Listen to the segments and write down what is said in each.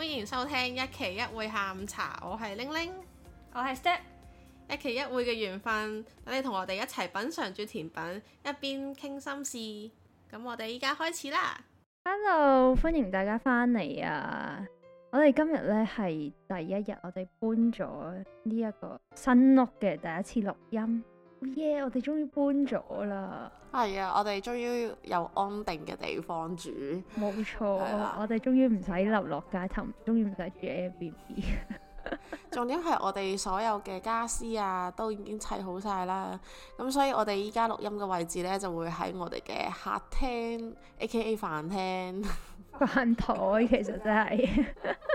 歡迎收聽一期一會下午茶，我係玲玲，我係是 Step，一期一會嘅緣分，等你同我哋一齊品嘗住甜品，一邊傾心事。咁我哋依家開始啦。Hello，歡迎大家翻嚟啊！我哋今日呢係第一日，我哋搬咗呢一個新屋嘅第一次錄音。耶！Yeah, 我哋終於搬咗啦，係啊！我哋終於有安定嘅地方住，冇錯錯， 了我哋終於唔使流落街頭，終於唔使住 Airbnb。B. 重點係我哋所有嘅家私啊，都已經砌好晒啦。咁所以我哋依家錄音嘅位置呢，就會喺我哋嘅客廳 （A K A 飯廳）飯 枱，其實真係。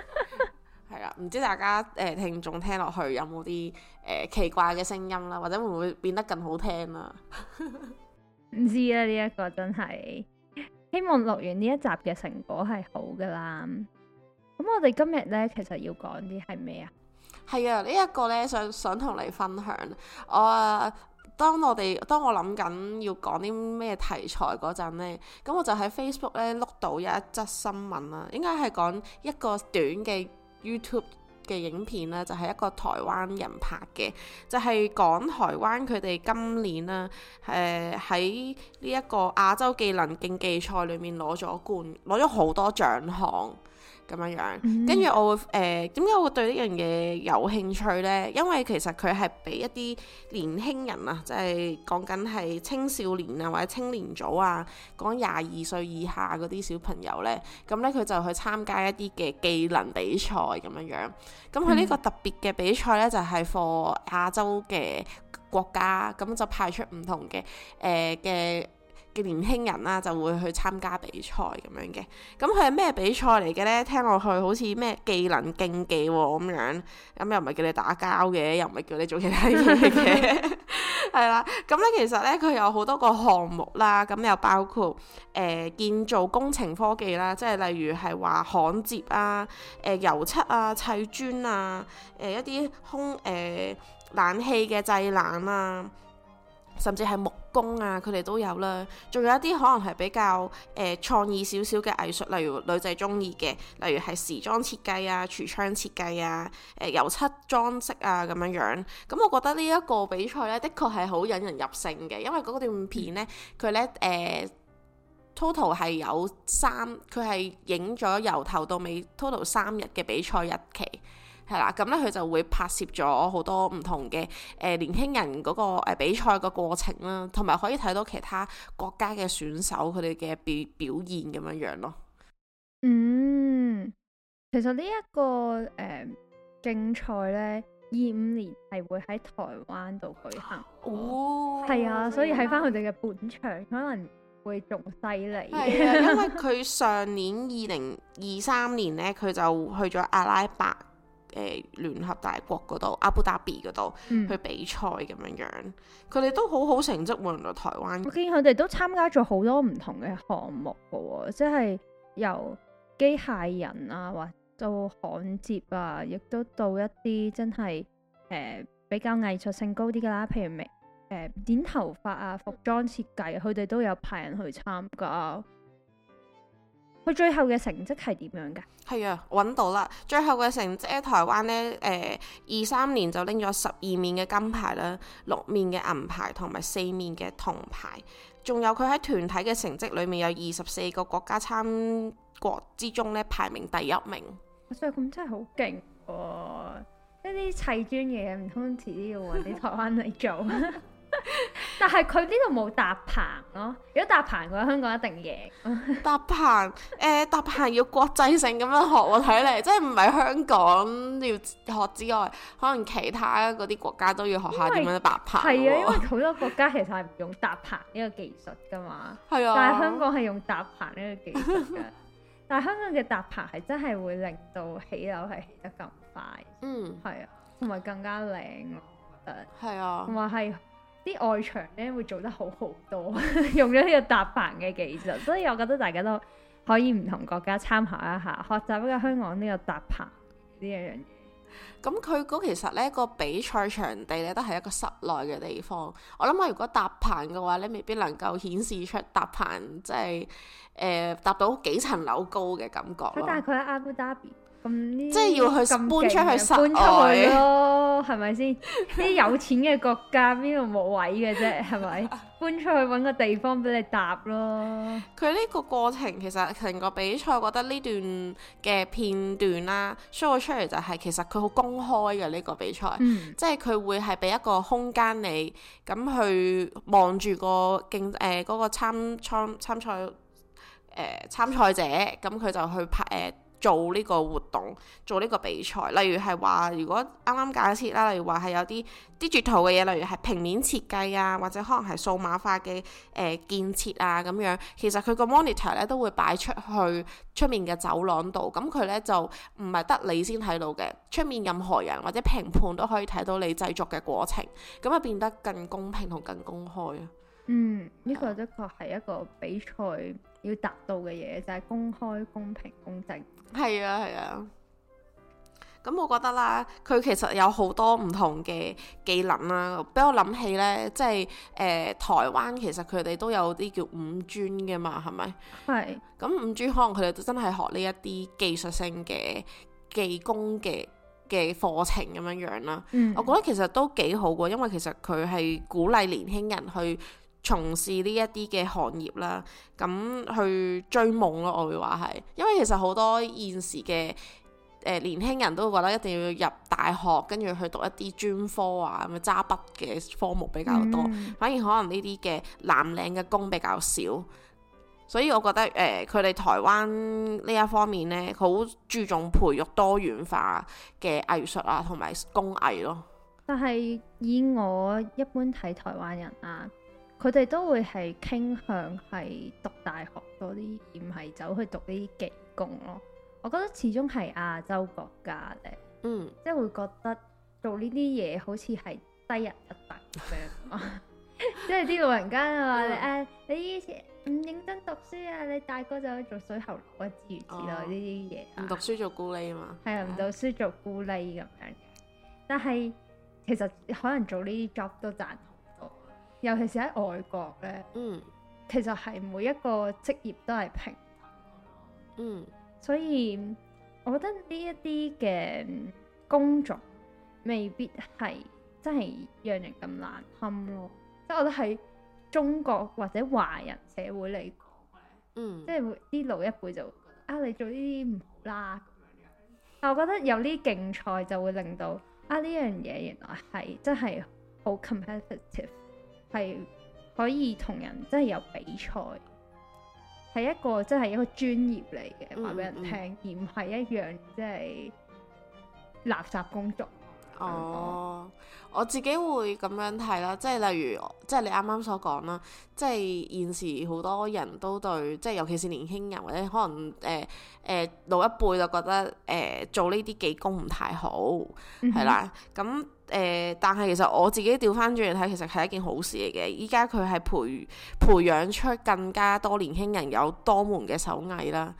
唔知大家誒、呃、聽眾聽落去有冇啲誒奇怪嘅聲音啦，或者會唔會變得更好聽啦？唔知啊，呢 一個真係希望錄完呢一集嘅成果係好噶啦。咁我哋今日呢，其實要講啲係咩啊？係啊，呢一個呢，想想同你分享，我啊，當我哋當我諗緊要講啲咩題材嗰陣咧，咁我就喺 Facebook 呢碌到有一則新聞啦，應該係講一個短嘅。YouTube 嘅影片呢，就係一個台灣人拍嘅，就係講台灣佢哋今年啦，誒喺呢一個亞洲技能競技賽裡面攞咗冠，攞咗好多獎項。咁樣樣，跟住、嗯、我會誒點解我會對呢樣嘢有興趣呢，因為其實佢係俾一啲年輕人啊，即係講緊係青少年啊或者青年組啊，講廿二歲以下嗰啲小朋友呢。咁呢，佢就去參加一啲嘅技能比賽咁樣樣。咁佢呢個特別嘅比賽呢，就係 for 亞洲嘅國家，咁就派出唔同嘅誒嘅。呃嘅年輕人啦，就會去參加比賽咁樣嘅。咁佢係咩比賽嚟嘅呢？聽落去好似咩技能競技喎、哦、咁樣。咁又唔係叫你打交嘅，又唔係叫你做其他嘢嘅。係啦。 咁咧其實呢，佢有好多個項目啦。咁又包括、呃、建造工程科技啦，即係例如係話焊接啊、呃、油漆啊、砌磚啊、誒、呃、一啲空誒、呃、冷氣嘅製冷啊，甚至係木工啊，佢哋都有啦，仲有一啲可能係比較誒創、呃、意少少嘅藝術，例如女仔中意嘅，例如係時裝設計啊、櫥窗設計啊、誒、呃、油漆裝飾啊咁樣樣。咁、嗯、我覺得呢一個比賽咧的確係好引人入勝嘅，因為嗰段片咧佢咧誒 total 係有三，佢係影咗由頭到尾 total 三日嘅比賽日期。係啦，咁咧佢就會拍攝咗好多唔同嘅誒、呃、年輕人嗰、那個、呃、比賽個過程啦，同埋可以睇到其他國家嘅選手佢哋嘅表表現咁樣樣咯。嗯，其實呢、這、一個誒、呃、競賽咧，二五年係會喺台灣度舉行哦，係啊，所以喺返佢哋嘅本場可能會仲犀利，因為佢上年二零二三年咧，佢就去咗阿拉伯。誒、欸、聯合大國嗰度，阿布達比嗰度、嗯、去比賽咁樣樣，佢哋都好好成績換到台灣。我見佢哋都參加咗好多唔同嘅項目嘅喎、哦，即係由機械人啊，或到焊接啊，亦都到一啲真係誒、呃、比較藝術性高啲嘅啦，譬如誒、呃、剪頭髮啊、服裝設計，佢哋都有派人去參加。佢最後嘅成績係點樣噶？係啊，揾到啦！最後嘅成績喺台灣呢，誒二三年就拎咗十二面嘅金牌啦，六面嘅銀牌同埋四面嘅銅牌，仲有佢喺團體嘅成績裏面有二十四個國家參國之中呢，排名第一名。啊，所以咁真係好勁喎，呢啲砌磚嘢唔通遲啲要揾啲台灣嚟做。 但係佢呢度冇搭棚咯，啊，如果搭棚嘅話，香港一定贏。搭棚，誒， 呃，搭棚要國際性咁樣，學我睇嚟，即係唔係香港要學，之外，可能其他嗰啲國家都要學下點樣搭棚，啊。係啊，因為好多國家其實係唔用搭棚呢個技術噶嘛。係啊。但係香港係用搭棚呢個技術嘅， 但係香港嘅搭棚係真係會令到起樓係起得咁快。嗯。係啊，同埋更加靚。係啊，同埋係。啲外牆咧會做得好好多， 用咗呢個搭棚嘅技術， 所以我覺得大家都可以唔同國家參考一下， 學習呢個香港呢個搭棚呢一樣。咁佢嗰其實呢個比賽場地咧都係一個室內嘅地方，我諗下，如果搭棚嘅話咧，你未必能夠顯示出搭棚即係誒搭到幾層樓高嘅感覺咯。 但即係要去搬出去搬出去，搬出去咯，係咪先？啲 有錢嘅國家邊度冇位嘅啫，係咪？ 搬出去搵個地方俾你搭咯。佢呢個過程其實成個比賽，覺得呢段嘅片段啦，show 出嚟就係其實佢好公開嘅呢、呢個比賽，嗯、即係佢會係俾一個空間你咁去望住個競誒、呃那個參參參賽誒參賽者，咁佢就去拍誒。呃做呢個活動，做呢個比賽，例如係話，如果啱啱假設啦，例如話係有啲啲 digital 嘅嘢，例如係平面設計啊，或者可能係數碼化嘅誒、呃、建設啊咁樣，其實佢個 monitor 咧都會擺出去出面嘅走廊度，咁佢咧就唔係得你先睇到嘅，出面任何人或者評判都可以睇到你製作嘅過程，咁啊變得更公平同更公開。嗯，呢、這個的確係一個比賽要達到嘅嘢，就係、是、公開、公平、公正。係啊，係啊。咁我覺得啦，佢其實有好多唔同嘅技能啦，俾我諗起呢，即係誒、呃、台灣其實佢哋都有啲叫五專嘅嘛，係咪？係是。咁五專可能佢哋都真係學呢一啲技術性嘅技工嘅嘅課程咁樣樣啦。嗯、我覺得其實都幾好嘅，因為其實佢係鼓勵年輕人去。從事呢一啲嘅行業啦，咁去追夢咯，我會話係，因為其實好多現時嘅誒、呃、年輕人都覺得一定要入大學，跟住去讀一啲專科啊，咁、呃、揸筆嘅科目比較多，嗯、反而可能呢啲嘅藍領嘅工比較少，所以我覺得誒佢哋台灣呢一方面呢，好注重培育多元化嘅藝術啊，同埋工藝咯。但係以我一般睇台灣人啊～佢哋都會係傾向係讀大學多啲，而唔係走去讀呢啲技工咯。我覺得始終係亞洲國家咧，嗯，即係會覺得做呢啲嘢好似係低人一等嘅，即係啲老人家話：你誒、 啊，你以前唔認真讀書啊，你大個就去做水喉啊，諸如此類呢啲嘢。唔、oh, 讀書做姑喱啊嘛。係啊， 唔讀書做姑喱咁樣。 但係其實可能做呢啲 job 都賺。尤其是喺外國咧，嗯，其實係每一個職業都係平等。嗯，所以我覺得呢一啲嘅工作未必係真係讓人咁難堪咯，啊。即係我覺得喺中國或者華人社會嚟講，嗯，即係啲老一輩就啊，你做呢啲唔好啦。但我覺得有啲競賽就會令到啊，呢樣嘢原來係真係好 competitive。係可以同人真係有比賽，係一個真係一個專業嚟嘅話俾人聽，嗯、而唔係一樣即係垃圾工作。哦，嗯、我自己會咁樣睇啦，即係例如即係你啱啱所講啦，即係現時好多人都對，即係尤其是年輕人或者可能誒誒、呃呃、老一輩就覺得誒、呃、做呢啲技工唔太好，係、嗯、哼啦咁。誒、呃，但係其實我自己調翻轉嚟睇，其實係一件好事嚟嘅。依家佢係培培養出更加多年輕人有多門嘅手藝啦，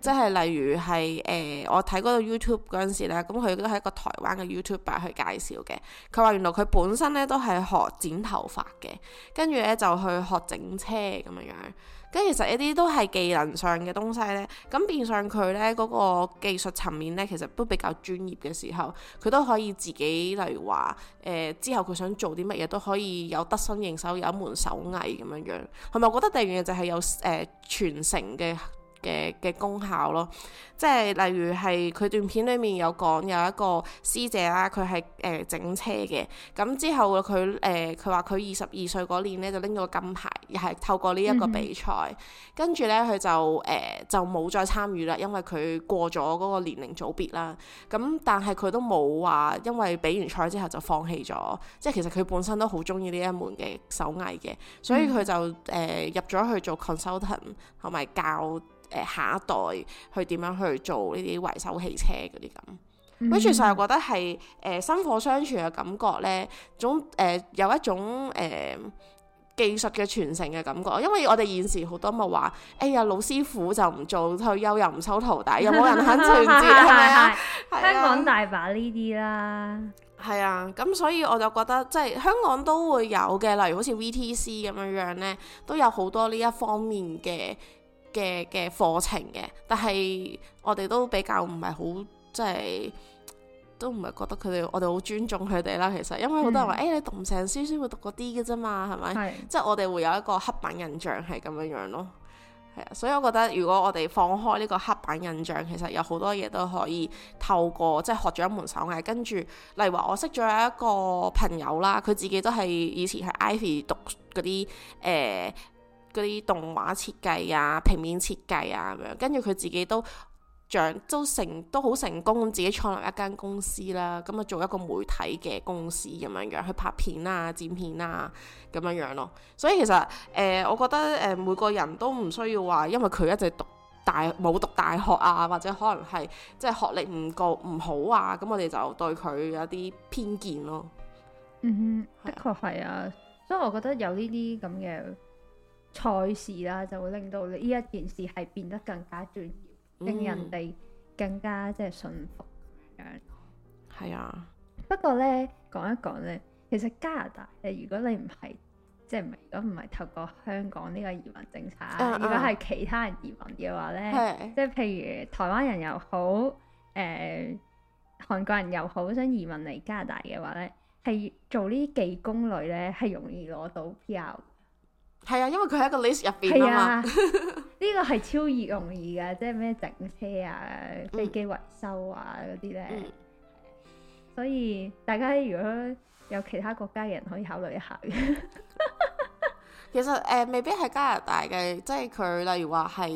即、就、係、是、例如係誒、呃，我睇嗰個 YouTube 嗰陣時咧，咁佢都係一個台灣嘅 YouTube 伯去介紹嘅。佢話原來佢本身咧都係學剪頭髮嘅，跟住咧就去學整車咁樣樣。跟住其實一啲都係技能上嘅東西呢，咁變相佢呢嗰個技術層面呢，其實都比較專業嘅時候，佢都可以自己例如話，誒、呃、之後佢想做啲乜嘢都可以有得心應手，有一門手藝咁樣樣，係咪？我覺得第二樣嘢就係有誒傳承嘅呃嘅嘅功效咯，即係例如係佢段片裏面有講有一個師姐啦，佢係誒整車嘅，咁之後佢誒佢話佢二十二歲嗰年咧就拎咗金牌，又係透過呢一個比賽，跟住咧佢就誒、呃、就冇再參與啦，因為佢過咗嗰個年齡組別啦，咁但係佢都冇話因為比完賽之後就放棄咗，即係其實佢本身都好中意呢一門嘅手藝嘅，所以佢就誒、呃、入咗去做 consultant 同埋教。誒下一代去點樣去做呢啲維修汽車嗰啲咁，跟、嗯、其實我覺得係誒薪火相傳嘅感覺咧，總誒、呃、有一種誒、呃、技術嘅傳承嘅感覺，因為我哋現時好多咪話，哎、欸、呀老師傅就唔做退休又唔收徒弟，又冇人肯傳接，係咪啊？香港大把呢啲啦，係啊，咁所以我就覺得即係、就是、香港都會有嘅，例如好似 VTC 咁樣樣咧，都有好多呢一方面嘅。嘅嘅課程嘅，但係我哋都比較唔係好，即係都唔係覺得佢哋我哋好尊重佢哋啦。其實因為好多人話，誒、嗯欸、你讀唔成書先會讀嗰啲嘅啫嘛，係咪？係。即係我哋會有一個黑板印象係咁樣樣咯。係啊，所以我覺得如果我哋放開呢個黑板印象，其實有好多嘢都可以透過即係學咗一門手藝，跟住例如話我識咗一個朋友啦，佢自己都係以前喺 Ivy 讀嗰啲誒。呃嗰啲動畫設計啊、平面設計啊咁樣，跟住佢自己都長都成都好成功咁，自己創立一間公司啦，咁啊做一個媒體嘅公司咁樣樣去拍片啊、剪片啊咁樣樣咯。所以其實誒、呃，我覺得誒，每個人都唔需要話，因為佢一直讀大冇讀大學啊，或者可能係即係學歷唔高唔好啊，咁我哋就對佢有啲偏見咯。嗯，哼，是啊、的確係啊，所以我覺得有呢啲咁嘅。賽事啦，就會令到你呢一件事係變得更加專業，嗯、令人哋更加即係信服咁樣，係啊，不過呢，講一講呢，其實加拿大誒，如果你唔係即係唔係，如果唔係透過香港呢個移民政策，啊啊如果係其他人移民嘅話呢，是即係譬如台灣人又好，誒、呃、韓國人又好，想移民嚟加拿大嘅話呢，係做呢啲技工類呢，係容易攞到 PR。係啊，因為佢喺一個 list 入邊啊嘛。呢 個係超易容易噶，即係咩整車啊、飛機維修啊嗰啲咧。呢嗯、所以大家如果有其他國家嘅人可以考慮一下嘅、嗯。 其實誒、呃，未必係加拿大嘅，即係佢例如話係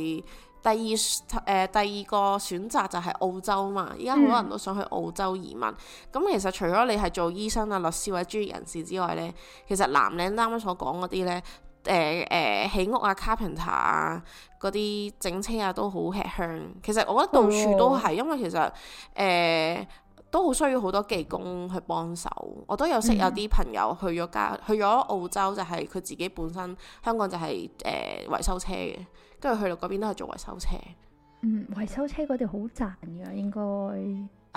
第二誒、呃、第二個選擇就係澳洲啊嘛。依家好多人都想去澳洲移民。咁、嗯、其實除咗你係做醫生啊、律師或者專業人士之外咧，其實男人啱啱所講嗰啲咧。誒誒，起、呃、屋啊，carpenter 啊，嗰啲整車啊，都好吃香。其實我覺得到處都係，哦、因為其實誒、呃、都好需要好多技工去幫手。我都有識有啲朋友去咗加、嗯、去咗澳洲，就係佢自己本身香港就係、是、誒、呃、維修車嘅，跟住去到嗰邊都係做維修車。嗯，維修車嗰度好賺㗎，應該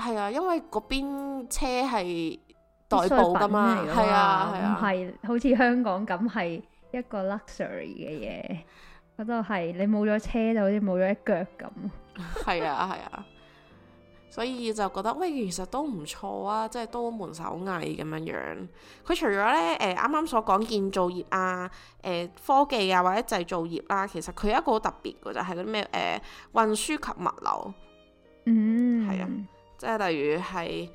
係啊，因為嗰邊車係代步㗎嘛，係啊係啊，唔係好似香港咁係一個 luxury 嘅嘢，嗰度係你冇咗車就好似冇咗一腳咁。係 啊係啊，所以就覺得喂，其實都唔錯啊，即係多門手藝咁樣樣。佢除咗呢，誒啱啱所講建造業啊、誒、呃、科技啊或者製造業啦、啊，其實佢有一個好特別嘅就係啲咩誒運輸及物流。嗯，係啊，即係例如係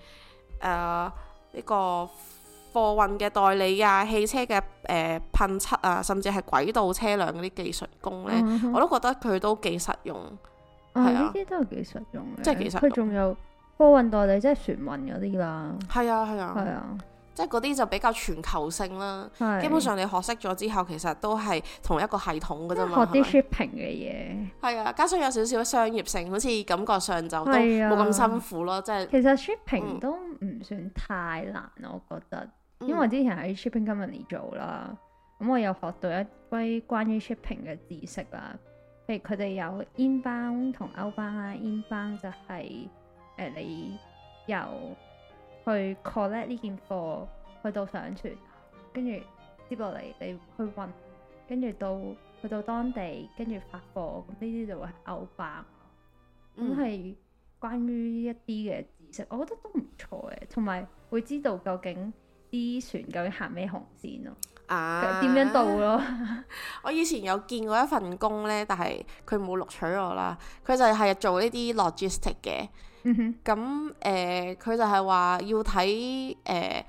誒呢個。貨運嘅代理啊，汽車嘅誒噴漆啊，甚至係軌道車輛嗰啲技術工咧，我都覺得佢都幾實用。係啊，呢啲都係幾實用嘅，即係佢仲有貨運代理，即係船運嗰啲啦。係啊，係啊，係啊，即係嗰啲就比較全球性啦。基本上你學識咗之後，其實都係同一個系統噶啫嘛。學啲 shipping 嘅嘢，係啊，加上有少少商業性，好似感覺上就冇咁辛苦咯。即係其實 shipping 都唔算太難，我覺得。因為我之前喺 shipping company 做啦，咁我又學到一堆關於 shipping 嘅知識啦。譬如佢哋有 inbound 同 outbound 啦、mm.，inbound 就係、是、誒、呃、你由去 collect 呢件貨去到上船，跟住接落嚟你去運，跟住到去到當地，跟住發貨，咁呢啲就會 outbound。咁係、mm. 關於一啲嘅知識，我覺得都唔錯嘅，同埋會知道究竟。啲船究竟行咩航線咯？點樣到咯？ 我以前有見過一份工咧，但係佢冇錄取我啦。佢就係做呢啲 logistic 嘅。嗯哼，咁誒，佢、呃、就係話要睇誒。呃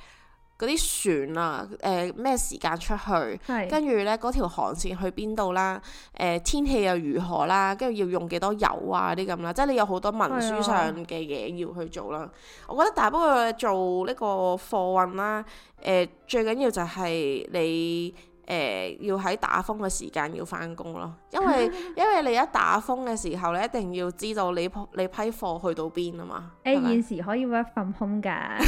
嗰啲船啊，誒、呃、咩時間出去，跟住咧嗰條航線去邊度啦？誒、呃、天氣又如何啦？跟住要用幾多油啊？啲咁啦，即係你有好多文書上嘅嘢要去做啦。的我覺得，大係不過做呢個貨運啦，誒、呃、最緊要就係你誒、呃、要喺打風嘅時間要翻工咯，因為 因為你一打風嘅時候，你一定要知道你批你批貨去到邊啊嘛。誒、欸、吧現時可以 work from home 㗎。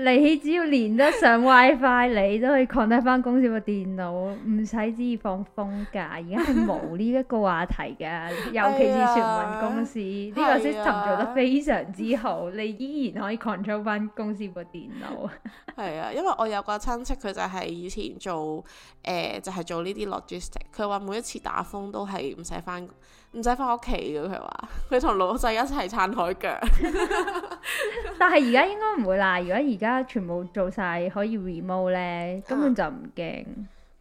你只要連得上 WiFi，你都可以 contact 翻公司部電腦，唔使旨意放風㗎。而家係冇呢一個話題㗎， 尤其是船運公司，呢、哎、呀個 system 做得非常之好，哎、呀你依然可以 control 翻公司部電腦。係啊、哎呀， 因為我有個親戚，佢就係以前做誒、呃，就係、是、做呢啲 logistics。佢話每一次打風都係唔使翻。唔使翻屋企嘅。佢話佢同老細一齊撐台腳。 但係而家應該唔會啦，如果而家全部做晒可以 remote 咧，根本就唔驚。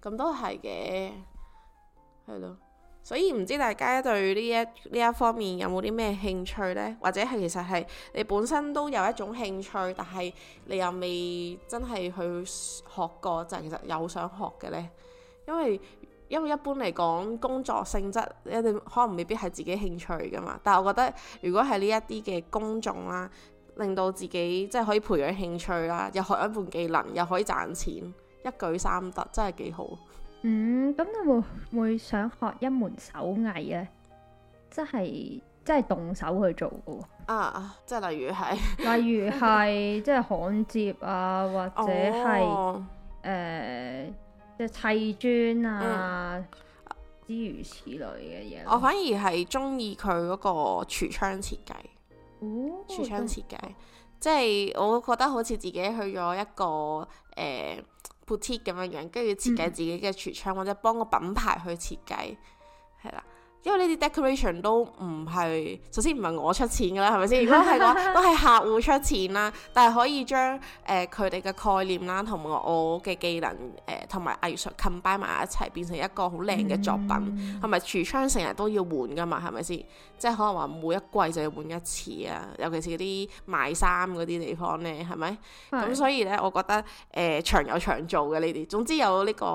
咁都係嘅，係咯。所以唔知大家對呢一呢一方面有冇啲咩興趣呢？或者係其實係你本身都有一種興趣，但係你又未真係去學過，就係其實有想學嘅呢？因為。因為一般嚟講，工作性質一定可能未必係自己興趣噶嘛。但係我覺得，如果係呢一啲嘅工種啦，令到自己即係可以培養興趣啦，又學一門技能，又可以賺錢，一舉三得，真係幾好。嗯，咁你會會想學一門手藝呀？即係即係動手去做嘅喎。啊即係例如係，例如係，即係焊接啊，或者係誒。哦呃即砌磚啊，嗯、諸如此類嘅嘢。我反而係中意佢嗰個櫥窗設計。哦，櫥窗設計，okay. 即係我覺得好似自己去咗一個誒、呃、boutique 咁樣樣，跟住設計自己嘅櫥窗，嗯、或者幫個品牌去設計，係啦。因為呢啲 decoration 都唔係，首先唔係我出錢㗎啦，係咪先？如果係嘅話，都係客戶出錢啦，但係可以將誒佢哋嘅概念啦，同埋我嘅技能誒同埋藝術 combine 埋一齊，變成一個好靚嘅作品。係咪櫥窗成日都要換㗎嘛，係咪先？即係可能話每一季就要換一次啊，尤其是啲賣衫嗰啲地方咧，係咪？咁的所以咧，我覺得誒長有長做嘅呢啲，總之有呢個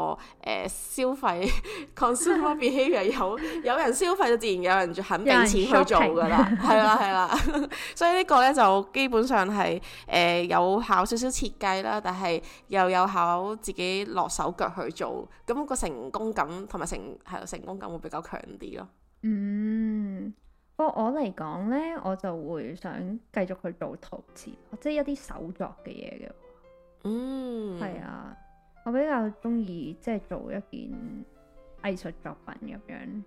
誒消費 consumption behaviour，有有人，消費就自然有人肯俾錢去做噶啦，係啦係啦， 所以個呢個咧就基本上係誒、呃、有考少少設計啦，但係又有考自己落手腳去做，咁、那個成功感同埋成係成功感會比較強啲咯。嗯，不過我我嚟講咧，我就會想繼續去做陶瓷，即、就、係、是、一啲手作嘅嘢嘅。嗯，係啊，我比較鍾意即係做一件藝術作品咁樣。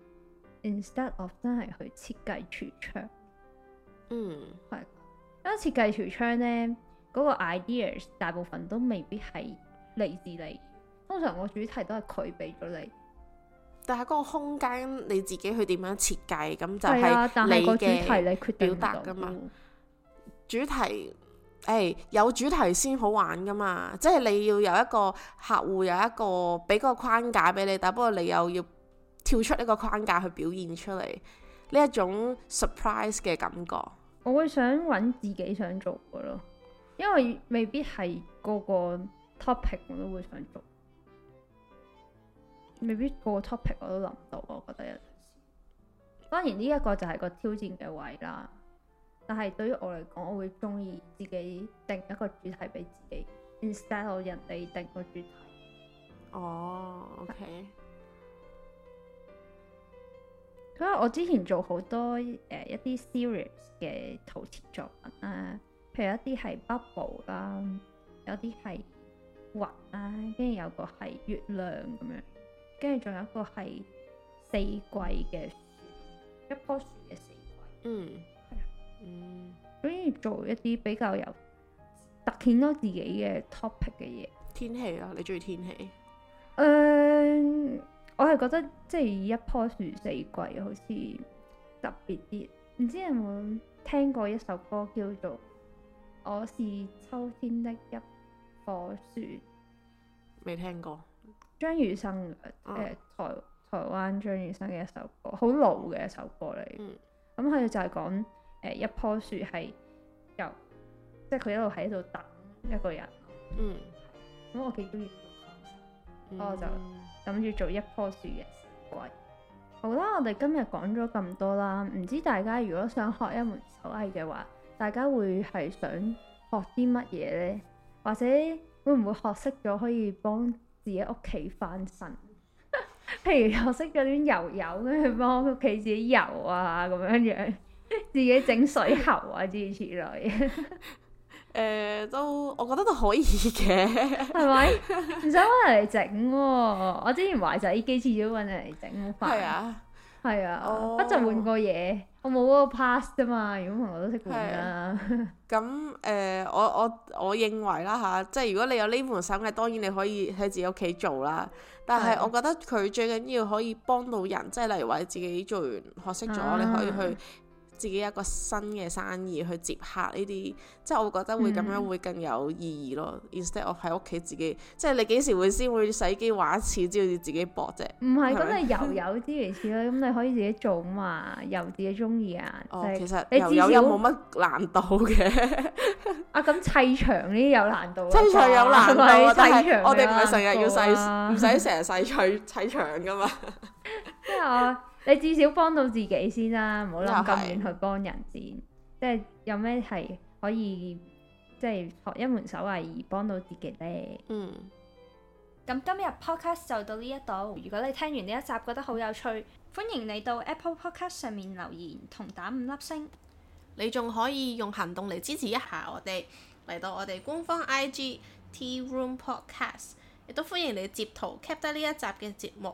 Instead of 真係去設計櫥窗，嗯，係，因為設計櫥窗咧，嗰個 ideas 大部分都未必係嚟自你，通常個主題都係佢俾咗你，但係嗰個空間你自己去點樣設計，咁就係你個主題嚟表達噶嘛。主題，誒，有主題先好玩噶嘛，即係你要有一個客戶，有一個俾個框架俾你，但不過你又要，跳出一個框架去表現出嚟呢一種 surprise 嘅感覺。我會想揾自己想做嘅咯，因為未必係個個 topic 我都會想做，未必個個 topic 我都諗到。我覺得，有陣時當然呢一個就係個挑戰嘅位啦。但係對於我嚟講，我會中意自己定一個主題俾自己，instead 人哋定個主題。哦、oh，OK。 咁我之前做好多誒、呃、一啲 serious 嘅陶瓷作品啊，譬如一啲係 bubble 啦，有啲係雲啊，跟住有個係月亮咁樣，跟住仲有一個係四季嘅樹，一棵樹嘅四季。嗯，係啊，嗯，所以做一啲比較有突顯到自己嘅 topic 嘅嘢。天氣啊，你鍾意天氣？嗯、呃。我係覺得即係以一棵樹四季好似特別啲，唔知有冇聽過一首歌叫做《我是秋天的一棵樹》？未聽過。張雨生誒、呃 oh.，台台灣張雨生嘅一首歌，好老嘅一首歌嚟。咁佢、mm. 嗯、就係講誒一棵樹係由，即係佢一路喺度等一個人。Mm. 嗯，咁我幾中意。哦、mm，就、hmm.。諗住做一棵樹嘅，好啦，我哋今日講咗咁多啦，唔知大家如果想學一門手藝嘅話，大家會係想學啲乜嘢呢？或者會唔會學識咗可以幫自己屋企翻身？譬 如學識咗啲油油，跟住幫屋企自己油啊，咁樣樣，自己整水喉啊 之類。 誒、呃、都，我覺得都可以嘅吧，係咪？唔使揾人嚟整喎，我之前懷仔幾次都揾人嚟整，好快！係啊，係啊，我、哦、不就換過嘢？我冇個 pass 㗎嘛，如果唔係我都識換啦、啊。咁誒、啊呃，我我我認為啦吓，即係如果你有呢門手藝，當然你可以喺自己屋企做啦。但係我覺得佢最緊要可以幫到人，即係的例如話自己做完學識咗，啊、你可以去。自己一個新嘅生意去接客呢啲，即係我覺得會咁樣會更有意義咯。instead 我喺屋企自己，即係你幾時會先會使機玩一次，知道要自己博啫。唔係，咁你遊遊之類似啦，咁你可以自己做嘛，由自己中意啊。其實你有又冇乜難度嘅。啊，咁砌牆呢啲有難度，砌牆有難度，砌牆啊！我哋唔係成日要砌，唔使成日砌砌牆噶嘛。即我。你至少幫到自己先啦，唔好諗咁遠去幫人先。Okay. 即係有咩係可以即係、就是、學一門手藝而幫到自己呢？嗯。咁今日 Podcast 就到呢一度，如果你聽完呢一集覺得好有趣，歡迎你到 Apple Podcast 上面留言同打五粒星。你仲可以用行動嚟支持一下我哋，嚟到我哋官方 IG Tea Room Podcast，亦都歡迎你截圖 keep 得呢一集嘅節目。